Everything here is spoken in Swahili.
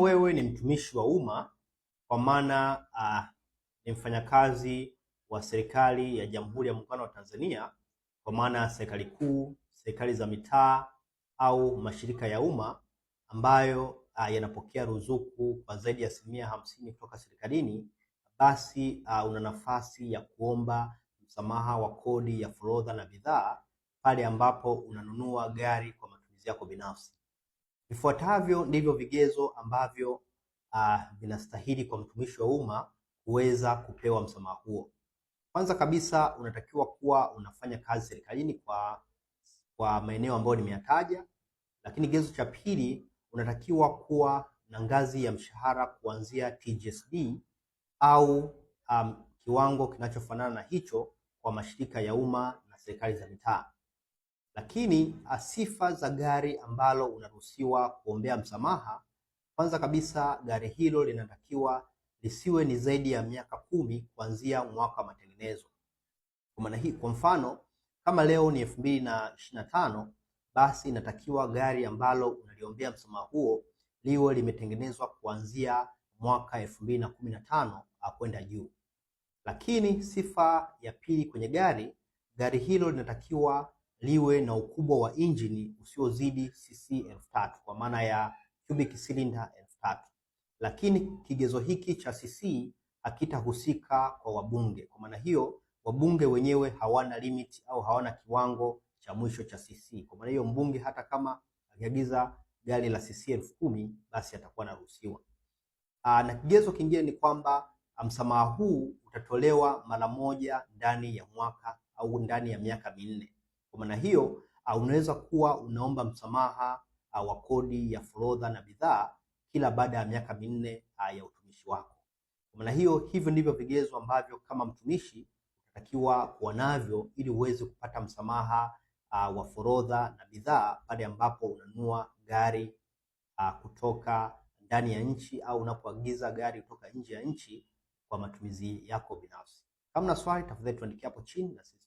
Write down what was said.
Wewe ni mtumishi wa umma kwa maana uh, ni mfanyakazi wa serikali ya Jamhuri ya Muungano wa Tanzania kwa maana ya serikali kuu, serikali za mitaa au mashirika ya umma ambayo uh, yanapokea ruzuku kwa zaidi ya asilimia hamsini kutoka serikalini, basi uh, una nafasi ya kuomba msamaha wa kodi ya forodha na bidhaa pale ambapo unanunua gari kwa matumizi yako binafsi. Vifuatavyo ndivyo vigezo ambavyo uh, vinastahili kwa mtumishi wa umma kuweza kupewa msamaha huo. Kwanza kabisa unatakiwa kuwa unafanya kazi serikalini kwa, kwa maeneo ambayo nimeyataja. Lakini kigezo cha pili unatakiwa kuwa na ngazi ya mshahara kuanzia TGSB au um, kiwango kinachofanana na hicho kwa mashirika ya umma na serikali za mitaa. Lakini ah, sifa za gari ambalo unaruhusiwa kuombea msamaha, kwanza kabisa gari hilo linatakiwa lisiwe ni zaidi ya miaka kumi kuanzia mwaka wa matengenezo. Kwa maana hii, kwa mfano kama leo ni elfu mbili na ishirini na tano, basi inatakiwa gari ambalo unaliombea msamaha huo liwe limetengenezwa kuanzia mwaka elfu mbili na kumi na tano akwenda ah, juu. Lakini sifa ya pili kwenye gari, gari hilo linatakiwa liwe na ukubwa wa injini usiozidi cc elfu tatu kwa maana ya cubic cylinder elfu tatu lakini kigezo hiki cha cc hakitahusika kwa wabunge. Kwa maana hiyo, wabunge wenyewe hawana limit au hawana kiwango cha mwisho cha cc. Kwa maana hiyo, mbunge hata kama akiagiza gari la cc elfu kumi basi atakuwa anaruhusiwa. Na kigezo kingine ni kwamba msamaha huu utatolewa mara moja ndani ya mwaka au ndani ya miaka minne. Kwa maana hiyo, ah, unaweza kuwa unaomba msamaha ah, wa kodi ya forodha na bidhaa kila baada ya miaka minne ah, ya utumishi wako. Kwa maana hiyo, hivyo ndivyo vigezo ambavyo kama mtumishi unatakiwa kuwa navyo ili uweze kupata msamaha wa forodha na bidhaa pale ambapo unanunua gari kutoka ndani ya nchi au unapoagiza gari kutoka nje ya nchi kwa matumizi yako binafsi. Kama una swali, tafadhali tuandikia hapo chini na sisi